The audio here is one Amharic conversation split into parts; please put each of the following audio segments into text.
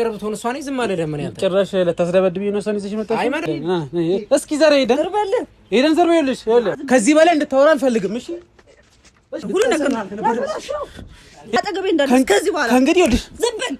ቅርብ ትሆን እሷን ዝም አለ። ለምን ያንተ ጭራሽ ልታስደበድብኝ ነው? እሷን ይዘሽ መጣሽ። እስኪ ዛሬ ሄደን ሄደን ዘርበ ይኸውልሽ፣ ከዚህ በላይ እንድታወራ አልፈልግም። እሺ ሁሉ ነገር አጠገቤ እንዳትደርስ ከዚህ በኋላ ከእንግዲህ ይኸውልሽ፣ ዝም በል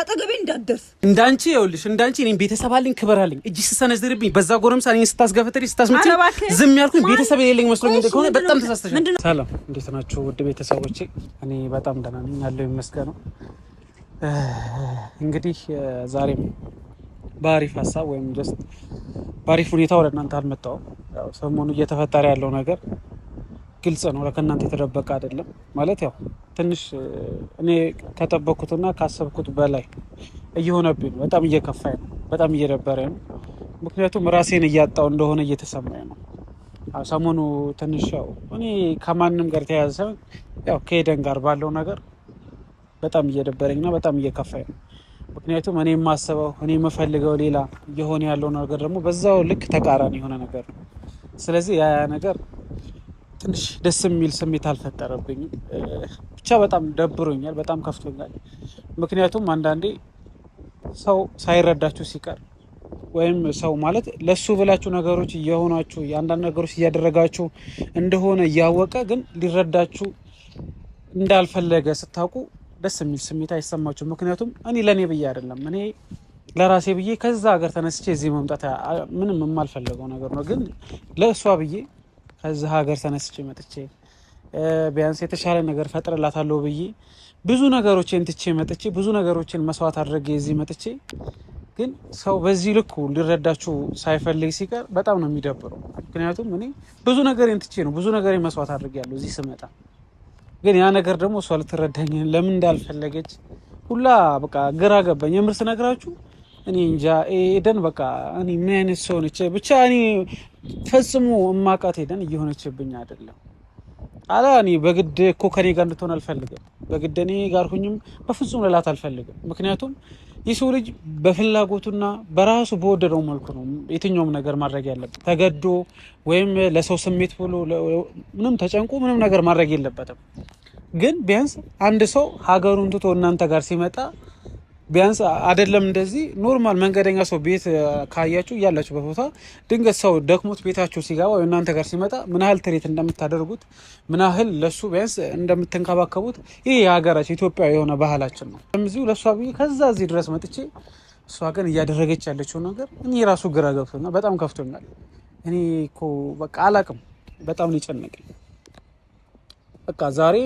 አጠገቤ እንዳትደርስ። እንዳንቺ ይኸውልሽ፣ እንዳንቺ እኔም ቤተሰብ አለኝ፣ ክብር አለኝ። እጅ ስትሰነዝርብኝ በዛ ጎረምሳ እኔን ስታስገፈትሪ ስታስመጪኝ ዝም ያልኩኝ ቤተሰብ የሌለኝ መስሎኝ እንደሆነ በጣም ተሳስተሻል። ሰላም፣ እንዴት ናችሁ ውድ ቤተሰቦቼ? እኔ በጣም ደህና ነኝ፣ ያለው ይመስገነው እንግዲህ ዛሬም በአሪፍ ሀሳብ ወይም ጀስት በአሪፍ ሁኔታ ወደ እናንተ አልመጣውም። ሰሞኑ እየተፈጠረ ያለው ነገር ግልጽ ነው፣ ከእናንተ የተደበቀ አይደለም። ማለት ያው ትንሽ እኔ ከጠበኩትና ካሰብኩት በላይ እየሆነብኝ ነው። በጣም እየከፋኝ ነው። በጣም እየደበረ ነው። ምክንያቱም ራሴን እያጣው እንደሆነ እየተሰማኝ ነው። ሰሞኑ ትንሽ ያው እኔ ከማንም ጋር የተያያዘ ሳይሆን ያው ጋር ባለው ነገር በጣም እየደበረኝ እና በጣም እየከፋኝ ነው። ምክንያቱም እኔ የማስበው እኔ የምፈልገው ሌላ እየሆነ ያለው ነገር ደግሞ በዛው ልክ ተቃራኒ የሆነ ነገር ነው። ስለዚህ ያ ነገር ትንሽ ደስ የሚል ስሜት አልፈጠረብኝም። ብቻ በጣም ደብሮኛል፣ በጣም ከፍቶኛል። ምክንያቱም አንዳንዴ ሰው ሳይረዳችሁ ሲቀር ወይም ሰው ማለት ለሱ ብላችሁ ነገሮች እየሆናችሁ የአንዳንድ ነገሮች እያደረጋችሁ እንደሆነ እያወቀ ግን ሊረዳችሁ እንዳልፈለገ ስታውቁ ደስ የሚል ስሜት አይሰማችሁ። ምክንያቱም እኔ ለእኔ ብዬ አይደለም እኔ ለራሴ ብዬ ከዛ ሀገር ተነስቼ እዚህ መምጣት ምንም የማልፈለገው ነገር ነው። ግን ለእሷ ብዬ ከዛ ሀገር ተነስቼ መጥቼ ቢያንስ የተሻለ ነገር ፈጥርላታለሁ ብዬ ብዙ ነገሮችን ትቼ መጥቼ ብዙ ነገሮችን መስዋዕት አድርጌ እዚህ መጥቼ ግን ሰው በዚህ ልኩ ሊረዳችሁ ሳይፈልግ ሲቀር በጣም ነው የሚደብረው። ምክንያቱም እኔ ብዙ ነገር ትቼ ነው ብዙ ነገር መስዋዕት አድርጌያለሁ እዚህ ስመጣ ግን ያ ነገር ደግሞ እሷ ልትረዳኝ ለምን እንዳልፈለገች ሁላ በቃ ግራ ገባኝ። የምር ስነግራችሁ እኔ እንጃ ኤደን በቃ እኔ ምን አይነት ሰው ነች? ብቻ እኔ ፈጽሞ እማቃት ኤደን እየሆነችብኝ አይደለም አላ እኔ በግድ እኮ ከኔ ጋር እንድትሆን አልፈልግም። በግድ እኔ ጋር ሁኝም በፍጹም ልላት አልፈልግም። ምክንያቱም የሰው ልጅ በፍላጎቱና በራሱ በወደደው መልኩ ነው የትኛውም ነገር ማድረግ ያለበት። ተገዶ ወይም ለሰው ስሜት ብሎ ምንም ተጨንቆ ምንም ነገር ማድረግ የለበትም። ግን ቢያንስ አንድ ሰው ሀገሩን ትቶ እናንተ ጋር ሲመጣ ቢያንስ አይደለም እንደዚህ ኖርማል መንገደኛ ሰው ቤት ካያችሁ እያላችሁበት ቦታ ድንገት ሰው ደክሞት ቤታችሁ ሲገባ እናንተ ጋር ሲመጣ ምን ያህል ትሬት እንደምታደርጉት ምን ያህል ለሱ ቢያንስ እንደምትንከባከቡት ይህ የሀገራችን ኢትዮጵያ የሆነ ባህላችን ነው። እዚሁ ለእሷ ብዬ ከዛ እዚህ ድረስ መጥቼ እሷ ግን እያደረገች ያለችው ነገር እኔ ራሱ ግራ ገብቶኛል። በጣም ከፍቶኛል። እኔ እኮ በቃ አላቅም። በጣም ነው የጨነቀኝ። በቃ ዛሬ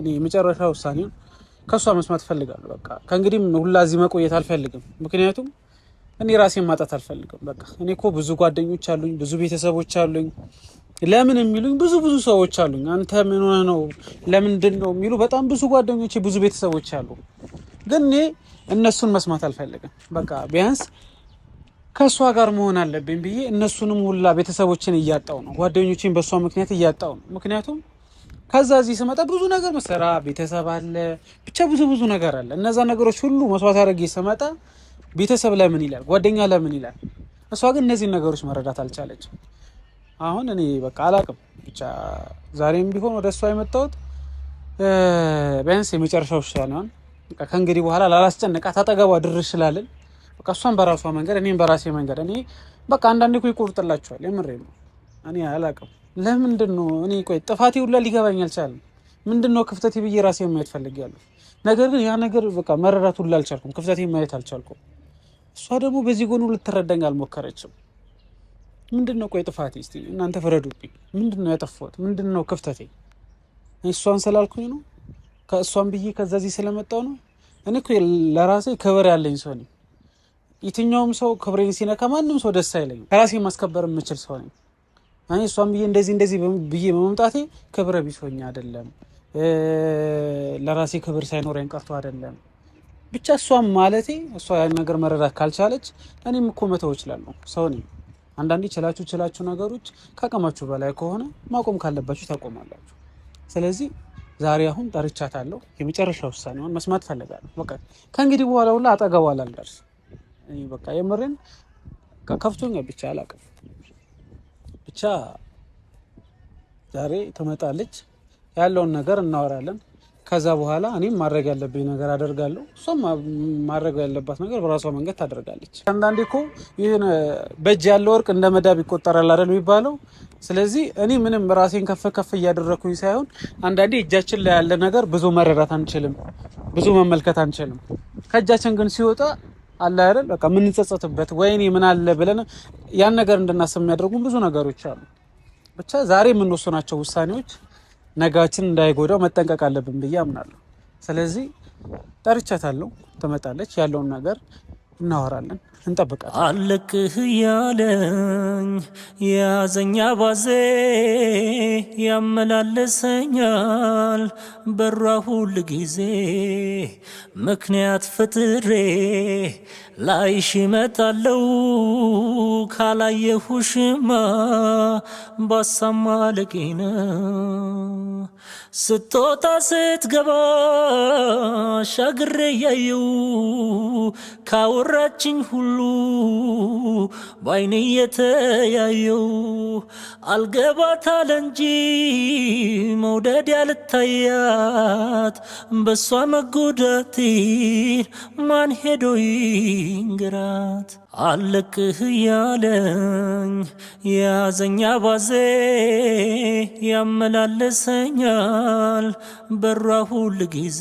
እኔ የመጨረሻ ውሳኔ ከእሷ መስማት ፈልጋለሁ በቃ ከእንግዲህም ሁላ እዚህ መቆየት አልፈልግም። ምክንያቱም እኔ ራሴን ማጣት አልፈልግም። በቃ እኔ እኮ ብዙ ጓደኞች አሉኝ፣ ብዙ ቤተሰቦች አሉኝ፣ ለምን የሚሉኝ ብዙ ብዙ ሰዎች አሉኝ። አንተ ምን ሆነህ ነው ለምንድን ነው የሚሉ በጣም ብዙ ጓደኞች ብዙ ቤተሰቦች አሉ። ግን እኔ እነሱን መስማት አልፈልግም። በቃ ቢያንስ ከእሷ ጋር መሆን አለብኝ ብዬ እነሱንም ሁላ ቤተሰቦችን እያጣው ነው፣ ጓደኞችን በእሷ ምክንያት እያጣው ነው። ምክንያቱም ከዛ እዚህ ስመጣ ብዙ ነገር መሰራ ቤተሰብ አለ፣ ብቻ ብዙ ብዙ ነገር አለ። እነዛ ነገሮች ሁሉ መስዋዕት አድርጌ ስመጣ ቤተሰብ ለምን ይላል፣ ጓደኛ ለምን ይላል። እሷ ግን እነዚህን ነገሮች መረዳት አልቻለች። አሁን እኔ በቃ አላቅም። ብቻ ዛሬም ቢሆን ወደ እሷ የመጣሁት ቢያንስ የመጨረሻው ውሳኔዋን ከእንግዲህ በኋላ ላላስጨንቃት አጠገቧ ድርሽ ስላለን በቃ እሷን በራሷ መንገድ እኔም በራሴ መንገድ እኔ በቃ አንዳንድ እኮ ይቆርጥላችኋል። የምሬ ነው። እኔ አላቅም ለምንድን ነው እኔ ቆይ ጥፋቴ ሁላ ሊገባኝ አልቻለም። ምንድን ነው ክፍተቴ ብዬ ራሴ ማየት ፈልጌያለሁ። ነገር ግን ያ ነገር በቃ መረዳት ሁላ አልቻልኩም። ክፍተቴ ማየት አልቻልኩም። እሷ ደግሞ በዚህ ጎኑ ልትረዳኝ አልሞከረችም። ምንድን ነው ቆይ ጥፋቴ? እስኪ እናንተ ፍረዱብኝ። ምንድን ነው ያጠፋሁት? ምንድን ነው ክፍተቴ? እሷን ስላልኩኝ ነው? ከእሷን ብዬ ከዛዚህ ስለመጣው ነው? እኔ እኮ ለራሴ ክብር ያለኝ ሰው ነኝ። የትኛውም ሰው ክብሬን ሲነካ ማንም ሰው ደስ አይለኝም። ከራሴ ማስከበር የምችል ሰው ነኝ። እኔ እሷን ብዬ እንደዚህ እንደዚህ ብዬ በመምጣቴ ክብረ ቢሶኝ አይደለም፣ ለራሴ ክብር ሳይኖረኝ ቀርቶ አይደለም። ብቻ እሷም ማለቴ እሷ ያን ነገር መረዳት ካልቻለች እኔም እኮ መተው እችላለሁ። ሰው ነኝ። አንዳንዴ ችላችሁ ችላችሁ ነገሮች ካቀማችሁ በላይ ከሆነ ማቆም ካለባችሁ ታቆማላችሁ። ስለዚህ ዛሬ አሁን ጠርቻታለሁ። የመጨረሻ ውሳኔውን መስማት ፈልጋለሁ። በቃ ከእንግዲህ በኋላ ሁላ አጠገቧ ላልደርስ በቃ የምርን ከፍቶኛል። ብቻ አላቅም ብቻ ዛሬ ትመጣለች፣ ያለውን ነገር እናወራለን። ከዛ በኋላ እኔም ማድረግ ያለብኝ ነገር አደርጋለሁ፣ እሷም ማድረግ ያለባት ነገር በራሷ መንገድ ታደርጋለች። አንዳንዴ እኮ ይህን በእጅ ያለ ወርቅ እንደ መዳብ ይቆጠራል አይደል የሚባለው። ስለዚህ እኔ ምንም ራሴን ከፍ ከፍ እያደረግኩኝ ሳይሆን አንዳንዴ እጃችን ላይ ያለ ነገር ብዙ መረዳት አንችልም፣ ብዙ መመልከት አንችልም። ከእጃችን ግን ሲወጣ አለ አይደል? በቃ የምንጸጸትበት ወይኔ ምን አለ ብለን ያን ነገር እንድናስብ የሚያደርጉን ብዙ ነገሮች አሉ። ብቻ ዛሬ የምንወስናቸው ውሳኔዎች ነጋችን እንዳይጎዳው መጠንቀቅ አለብን ብዬ አምናለሁ። ስለዚህ ጠርቻታለሁ፣ ትመጣለች። ያለውን ነገር እናወራለን። እንጠብቃለን። አለቅህ እያለኝ የያዘኛ ባዜ ያመላለሰኛል በሯ ሁል ጊዜ ምክንያት ፍጥሬ ላይሽ ይመጣለው ካላየሁሽማ ባሳማ ልቂ ነው ስትወጣ ስትገባ ሻግሬ ያየው ካወራችኝ ሁሉ ሁሉ ባይኔ የተያየው አልገባታል እንጂ መውደድ ያልታያት በሷ መጎዳት ማን ሄዶ ይንግራት? አለቅህ ያለኝ የያዘኛ ባዜ ያመላለሰኛል በራ ሁል ጊዜ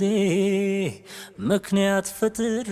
ምክንያት ፈጥሬ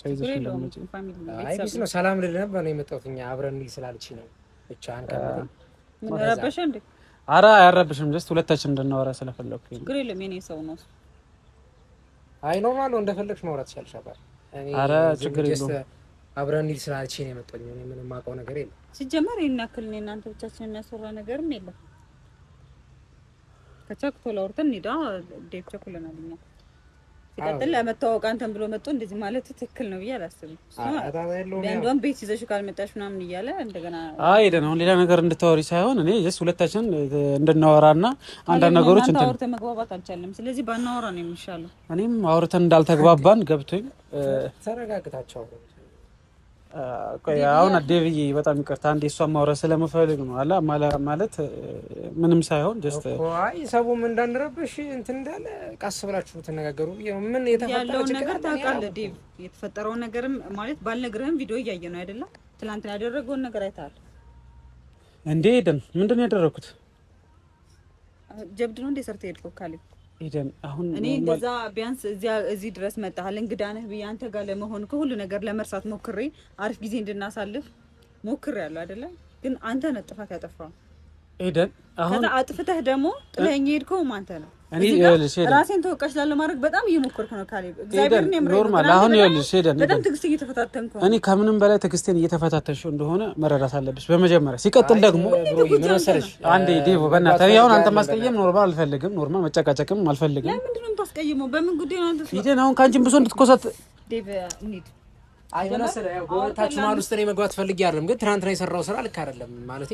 ሳይዘሽ ነው ሰላም ልል ነበር ነው የመጣሁት። እኛ አብረን ስላልችኝ ነው ብቻህን ከመረበሸ አረ አያረብሽም። ጀስት ሁለታችን እንድናወራ ስለፈለኩ ችግር የለም። የኔ ሰው ነው። አይ ኖርማል ነው። እንደፈለግሽ ማውራት ይሻልሻል። አረ ችግር የለም። አብረን እንሂድ ስላልችኝ ነው የመጣሁት። እኔ ምንም የማውቀው ነገር የለም ሲጀመር። ይሄን ያክል እኔ እናንተ ብቻችን የሚያስወራ ነገርም የለም። ከቻክ ቶሎ እንሂዳ ዴቭ ቸኩለናል እኛ ሲቀጥል ለመተዋወቅ እንትን ብሎ መጡ። እንደዚህ ማለት ትክክል ነው ብዬ አላስብም። እንደውም ቤት ይዘሽ ካልመጣሽ ምናምን እያለ እንደገና አይደን አሁን ሌላ ነገር እንድታወሪ ሳይሆን እኔ ስ ሁለታችን እንድናወራ እንድናወራና አንዳንድ ነገሮች አውርተን መግባባት አልቻለም። ስለዚህ ባናወራ ነው የሚሻለው። እኔም አውርተን እንዳልተግባባን ገብቶኝ ተረጋግታቸው አሁን አዴብዬ በጣም ይቅርታ፣ አንዴ እሷን ማውራት ስለምፈልግ ነው። አላ ማለት ምንም ሳይሆን ጀስት አይ ሰቡም እንዳንረብሽ እንትን እንዳለ ቀስ ብላችሁ ትነጋገሩ። ምን የተፈጠረው ነገር ታውቃለህ ዴቭ፣ የተፈጠረው ነገርም ማለት ባልነግርህም ቪዲዮ እያየ ነው አይደለም። ትናንትና ያደረገውን ነገር አይተሃል እንዴ? ሄደን ምንድን ነው ያደረግኩት? ጀብድ ነው እንዴ ሰርተ ሄድከው ካሌብ እኔ እንደዛ ቢያንስ እዚህ ድረስ መጣሃል፣ እንግዳ ነህ ብዬ አንተ ጋር ለመሆን ከሁሉ ነገር ለመርሳት ሞክሬ አሪፍ ጊዜ እንድናሳልፍ ሞክሬ ያለሁ አይደለ? ግን አንተ ነህ ጥፋት ያጠፋው ኤደን። አሁን አጥፍተህ ደግሞ ጥለኸኝ የሄድከውም አንተ ነው። እኔ ይኸውልሽ ራሴን ተወቃሽ ላለማድረግ በጣም እየሞከርኩ ነው ካሌብ። እግዚአብሔርን ኖርማል። አሁን ይኸውልሽ ሄደን በጣም ትዕግስት እየተፈታተንኩ ነው። እኔ ከምንም በላይ ትዕግስቴን እየተፈታተንሽ እንደሆነ መረዳት አለብሽ በመጀመሪያ። ሲቀጥል ደግሞ ምን መሰለሽ፣ አንዴ ዴቭ በእናትህ አሁን አንተ ማስቀየም ኖርማል አልፈልግም፣ ኖርማል መጨቃጨቅም አልፈልግም። ለምንድን ነው የምታስቀየመው? በምን ጉዳይ ነው አንተ ሄደን አሁን ከአንቺም ብሶ እንድትኮሰት ዴቭ እንሂድ አይ መሰለህ ያው ጎረታችሁ ማን ውስጥ እኔ መግባት ፈልጌ አይደለም፣ ግን ትናንትና የሰራው ስራ ልክ አይደለም ማለቴ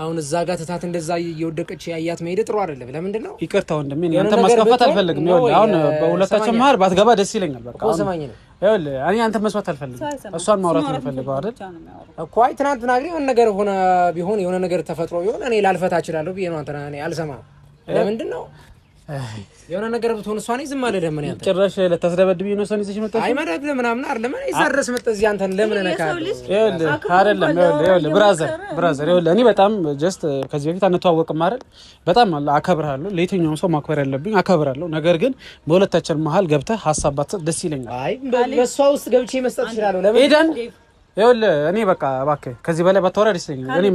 አሁን እዛ ጋር ትታት እንደዛ እየወደቀች ያያት መሄድ ጥሩ አይደለም። ለምንድን ነው? ይቅርታ ወንድሜ፣ አንተ ማስከፋት አልፈልግም። ይኸውልህ አሁን በሁለታችን መሀል ባትገባ ደስ ይለኛል። በቃ ሰማኝ ነው። እኔ አንተ መስማት አልፈልግም፣ እሷን ማውራት የምፈልገው አይደል እኮ። አይ ትናንትና ግን የሆነ ነገር ሆነ ቢሆን የሆነ ነገር ተፈጥሮ ቢሆን እኔ ላልፈታ እችላለሁ ብዬ ነው። አንተ እኔ አልሰማህም። ለምንድን ነው የሆነ ነገር ብትሆን እሷ እኔ ዝም አልልህም። እኔ አንተ ጭራሽ ልታስደበድብኝ ነው? ሰው ይዘሽ መጣሽ? አይ መደብደብ ምናምን አይደለም። እኔ እዛ ድረስ መጣ እዚህ አንተን ለምን እነካለሁ? ይኸውልህ አይደለም፣ ይኸውልህ ይኸውልህ፣ ብራዘር ብራዘር፣ ይኸውልህ እኔ በጣም ጀስት ከዚህ በፊት አንተዋወቅም አይደል? በጣም አከብርሃለሁ። ለየትኛውም ሰው ማክበር ያለብኝ አከብርሃለሁ። ነገር ግን በሁለታችን መሀል ገብተህ ሀሳብ ባትሰጥ ደስ ይለኛል። አይ በእሷ ውስጥ ገብቼ መስጠት እችላለሁ። ለምን ሄደን ይኸውልህ እኔ በቃ እባክህ ከዚህ በላይ በተወረድ ይስለኛል። እኔ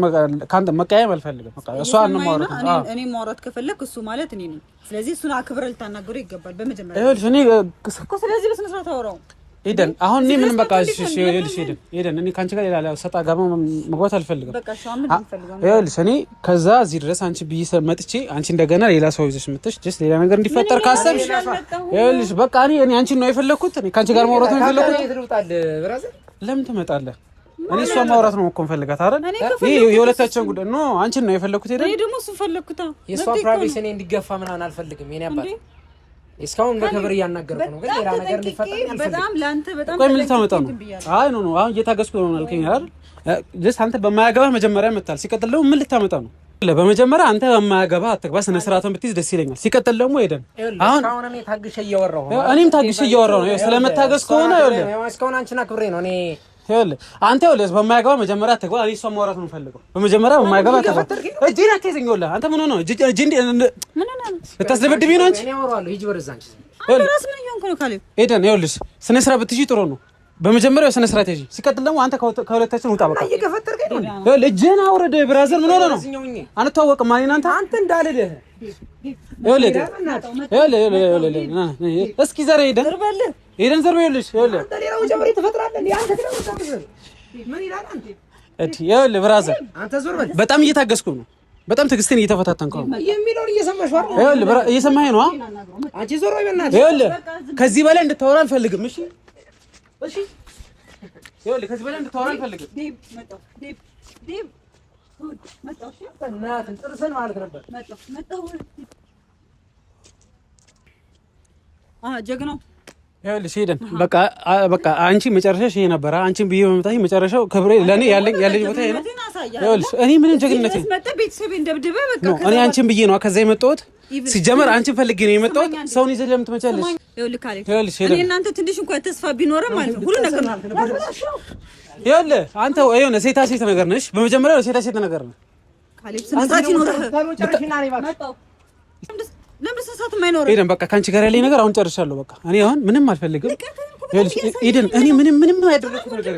መቀየም አልፈልግም። በቃ እሱ እኔ ማውራት ከፈለክ እሱ ማለት እኔ ነኝ። ስለዚህ እሱን አክብረህ ልታናግረው ይገባል። በመጀመሪያ ይኸውልህ እኔ ስለዚህ በስነ ስርዓት አወራው ኤደን አሁን እኔ ምንም በቃ እሺ፣ ይኸውልሽ ኤደን ኤደን እኔ ካንቺ ጋር ሌላ ሰጣ ገባ መግባት አልፈልግም። ይኸውልሽ እኔ ከዛ እዚህ ድረስ አንቺ ብዬ መጥቼ አንቺ እንደገና ሌላ ሰው ይዘሽ መጥተሽ ጀስት ሌላ ነገር እንዲፈጠር ካሰብሽ ይኸውልሽ በቃ እኔ አንቺን ነው የፈለግኩት። እኔ ካንቺ ጋር ማውራት ነው የፈለኩት። ለምን ትመጣለህ? እኔ እሷ ማውራት ነው እኮ የምፈልጋት አይደል? ይሄ የሁለታችን ጉዳይ ነው። አንቺን ነው የፈለኩት ሄደ እኔ ደግሞ እሱ ፈለኩት። የእሷ ፕራይቬሲ እኔ እንዲገፋ ምናምን አልፈልግም። የኔ አባት እስካሁን በክብር እያናገርኩ ነው፣ ግን ሌላ ነገር ሊፈጠር አልፈልግም። በጣም ላንተ በጣም ቆይ፣ ምን ልታመጣ ነው? አይ ኖ ኖ፣ አሁን እየታገስኩ ነው አልከኝ አይደል? ደስ አንተ በማያገባህ መጀመሪያ መጣል። ሲቀጥል ደግሞ ምን ልታመጣ ነው? በመጀመሪያ አንተ በማያገባ አትግባ፣ ስነ ስርዓቱን ብትይዝ ደስ ይለኛል። ሲቀጥል ደግሞ ሄደን አሁን እኔም ታግሼ እያወራሁ ነው። ስለመታገስ ከሆነ አንተ በማያገባ መጀመሪያ አትግባ። እኔ እሷ ማውራት ነው ፈልገው። በመጀመሪያ በማያገባ አትግባ። አንተ ምን ሆነህ ነው? ልታስደበድብኝ ነው? ስነ ስርዓት ብትይዥ ጥሩ ነው። በመጀመሪያው ስነ ስትራቴጂ ሲቀጥል ደግሞ አንተ ከሁለታችን ውጣ። በቃ እጅህን አውረደ። ብራዘር ምን ሆነ ነው? አንተዋወቅም። አንተ እንዳልደ እስኪ ዘር ሄደን ሄደን ዘር ይልሽ ይኸውልህ ብራዘር፣ በጣም እየታገስኩ ነው። በጣም ትዕግስቴን እየተፈታተንኩ ነው። ይኸውልህ እየሰማኸኝ ነው። ከዚህ በላይ እንድታወራ አልፈልግም። እሺ እሺ ይኸውልህ ከዚህ በላይ እንድታወራ አልፈልግም። ዴብ መጣሁ። ዴብ ዴብ መጣሁ። እሺ በእናትህ ጥርስን ማለት ነበር። መጣሁ መጣሁ። ጀግናው ይኸውልሽ ሄደን በቃ በቃ አንቺ መጨረሻሽ ይሄ ነበረ። አንቺን ብዬ በመምጣት መጨረሻው ክብሬ ለእኔ ያለኝ ያለኝ ቦታ ይሄ ነው። ይኸውልሽ እኔ ምንም ጀግንነት ነው። እኔ አንቺን ብዬ ነው ከዛ የመጣሁት ሲጀመር አንቺ ፈልጌ ነው የመጣሁት። ሰውን ይዘህ ለምን ትመጫለሽ? እናንተ ትንሽ እንኳን ተስፋ ቢኖረ ማለት ነው ሁሉ ነገር ይኸውልህ፣ አንተ የሆነ ሴታ ሴት ነገር ነሽ። በመጀመሪያ ሴታ ሴት ነገር ነው። ኤደን በቃ ከአንቺ ጋር ያለኝ ነገር አሁን ጨርሻለሁ። በቃ እኔ አሁን ምንም አልፈልግም። ኤደን እኔ ምንም ምንም ያደረኩት ነገር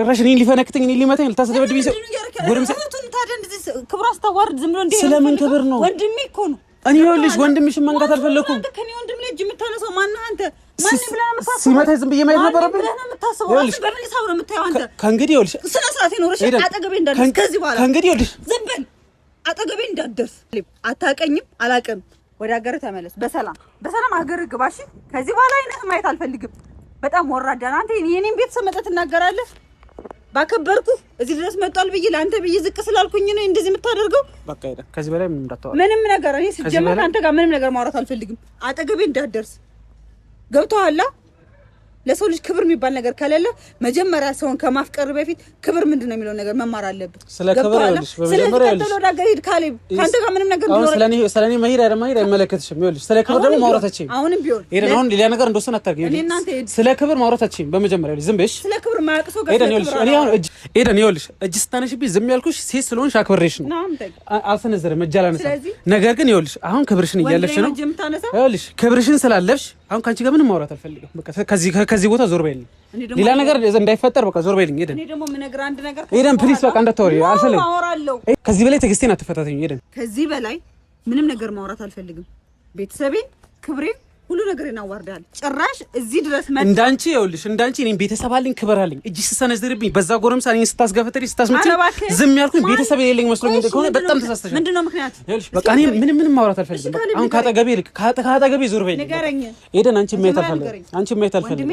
ጭራሽ እኔን ሊፈነክተኝ እኔን ሊመታኝ ልታስደበድብኝ ሰው ወንድምህ አስታዋርድ ዝም ብሎ እንደ ስለምን ክብር ነው? ወንድሜ እኮ ነው። እኔ ይኸውልሽ ወንድምሽን መንካት አልፈለኩም። ሲመታ ዝም ብዬ ማየት ነበረብኝ። አጠገቤ አታውቀኝም፣ አላውቅም። ወደ ሀገር ተመለስ በሰላም በሰላም ሀገር ግባሽ። ከዚህ በኋላ አይነት ማየት አልፈልግም። በጣም ወራዳ አንተ። የኔን ቤተሰብ መጠጥ ትናገራለህ። ባከበርኩ እዚህ ድረስ መጥቷል ብዬ ለአንተ ብዬ ዝቅ ስላልኩኝ ነው እንደዚህ የምታደርገው። በቃ ሄደ። ከዚህ በላይ ምንም እንዳታወራ፣ ምንም ነገር እኔ ስጀምር አንተ ጋር ምንም ነገር ማውራት አልፈልግም። አጠገቤ እንዳትደርስ ገብቶሃል? ለሰው ልጅ ክብር የሚባል ነገር ከሌለ መጀመሪያ ሰውን ከማፍቀር በፊት ክብር ምንድን ነው የሚለውን ነገር መማር አለብን። ስለ ክብር ይኸውልሽ፣ ስለ እኔ መሄድ መሄድ አይመለከትሽም። ይኸውልሽ ስለ ክብር ደግሞ ማውራት አትችይም። አሁንም ቢሆን አሁን ሌላ ነገር እንደወሰን አታርጊም። ስለ ክብር ማውራት አትችይም። በመጀመሪያ ዝም ብሽ ስለ ክብር ማያቅሶ ኤደን፣ ይኸውልሽ እጅ ስታነሽብኝ ዝም ያልኩሽ ሴት ስለሆንሽ አክብሬሽ ነው። አልሰነዘርም፣ እጅ አላነሳም። ነገር ግን ይኸውልሽ አሁን ክብርሽን እያለፍሽ ነው። ይኸውልሽ ክብርሽን ስላለፍሽ አሁን ከአንቺ ጋር ምንም ማውራት አልፈልግም። በቃ ከዚህ ከዚህ ቦታ ዞር በይልኝ። ሌላ ነገር እንዳይፈጠር በቃ ዞር በይልኝ። ኤደን ኤደን ፕሊስ በቃ እንዳታወሪ አልፈለግም። ከዚህ በላይ ትዕግስቴን አትፈታተኝ ኤደን። ከዚህ በላይ ምንም ነገር ማውራት አልፈልግም። ቤተሰቤን፣ ክብሬን ሁሉ ነገር ይናዋርዳል። ጭራሽ እዚህ ድረስ መ እንዳንቺ ይኸውልሽ፣ እንዳንቺ እኔም ቤተሰብ አለኝ፣ ክብር አለኝ። እጅ ስሰነዝርብኝ በዛ ጎረምሳ እኔን ስታስገፈተሪ ስታስመጪ ዝም ያልኩኝ ቤተሰብ የሌለኝ መስሎኝ ከሆነ በጣም ተሳስተሽ። ምንድን ነው ምክንያት? በቃ እኔ ምንም ምንም ማውራት አልፈልግም። አሁን ካጠገቤ ልክ ካጠገቤ ዞር በይልኝ። ንገረኝ ሄደን አንቺ ማየት አልፈልግም። አንቺ ማየት አልፈልግም።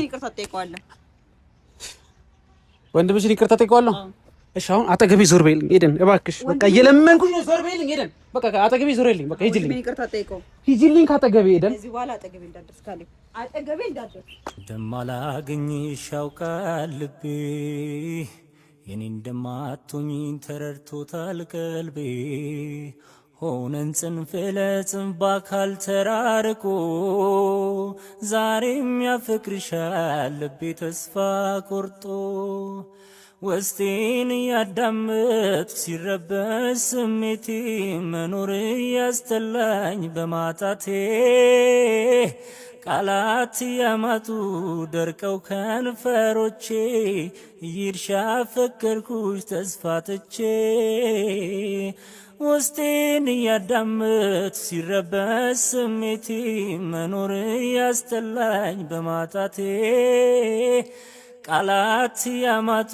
ወንድምሽን ይቅርታ ጠይቀዋለሁ። እሺ አሁን አጠገቤ ዞር በይልኝ ኤደን፣ እባክሽ በቃ እየለመንኩሽ ነው። ዞር በይልኝ ኤደን፣ በቃ አጠገቤ ዞር በይልኝ። በቃ ሂጂልኝ፣ ሂጂልኝ ካጠገቤ ኤደን። እንደማላገኝ ሻውቃል ልቤ የኔ እንደማቶኝ ተረድቶታል ቀልቤ። ሆነን ጽንፍ ለጽንፍ አካል ተራርቆ ዛሬም ያፈቅርሻል ልቤ ተስፋ ቆርጦ ውስጤን እያዳምጥ ሲረበስ ስሜቴ መኖር እያስጠላኝ በማጣቴ ቃላት እያማጡ ደርቀው ከንፈሮቼ ይርሻ ፍቅርኩሽ ተስፋ ትቼ ውስጤን እያዳምጥ ሲረበስ ስሜቴ መኖር እያስጠላኝ በማጣቴ ቃላት ያማጡ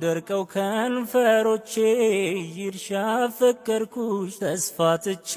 ደርቀው ከንፈሮቼ ይርሻ ፍቅርኩሽ ተስፋትቼ